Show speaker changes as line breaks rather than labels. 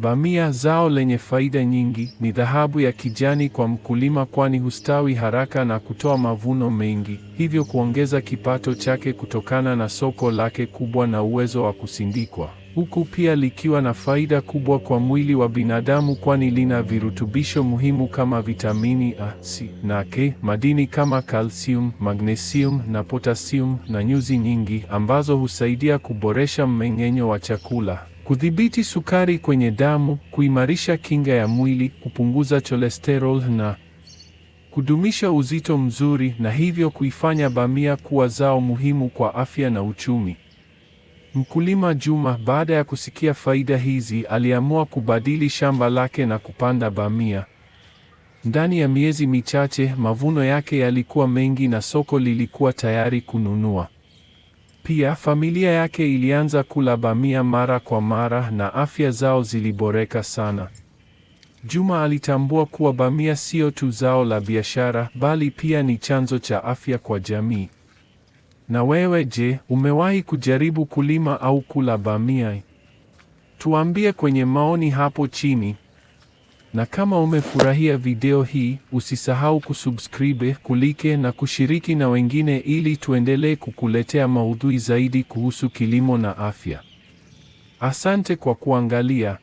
Bamia, zao lenye faida nyingi, ni dhahabu ya kijani kwa mkulima, kwani hustawi haraka na kutoa mavuno mengi, hivyo kuongeza kipato chake kutokana na soko lake kubwa na uwezo wa kusindikwa, huku pia likiwa na faida kubwa kwa mwili wa binadamu, kwani lina virutubisho muhimu kama vitamini A, C na K, madini kama calcium, magnesium na potassium na nyuzi nyingi ambazo husaidia kuboresha mmeng'enyo wa chakula kudhibiti sukari kwenye damu, kuimarisha kinga ya mwili, kupunguza cholesterol na kudumisha uzito mzuri, na hivyo kuifanya bamia kuwa zao muhimu kwa afya na uchumi. Mkulima Juma, baada ya kusikia faida hizi, aliamua kubadili shamba lake na kupanda bamia. Ndani ya miezi michache, mavuno yake yalikuwa mengi na soko lilikuwa tayari kununua. Pia familia yake ilianza kula bamia mara kwa mara na afya zao ziliboreka sana. Juma alitambua kuwa bamia sio tu zao la biashara, bali pia ni chanzo cha afya kwa jamii. Na wewe je, umewahi kujaribu kulima au kula bamia? Tuambie kwenye maoni hapo chini. Na kama umefurahia video hii, usisahau kusubscribe, kulike na kushiriki na wengine ili tuendelee kukuletea maudhui zaidi kuhusu kilimo na afya. Asante kwa kuangalia.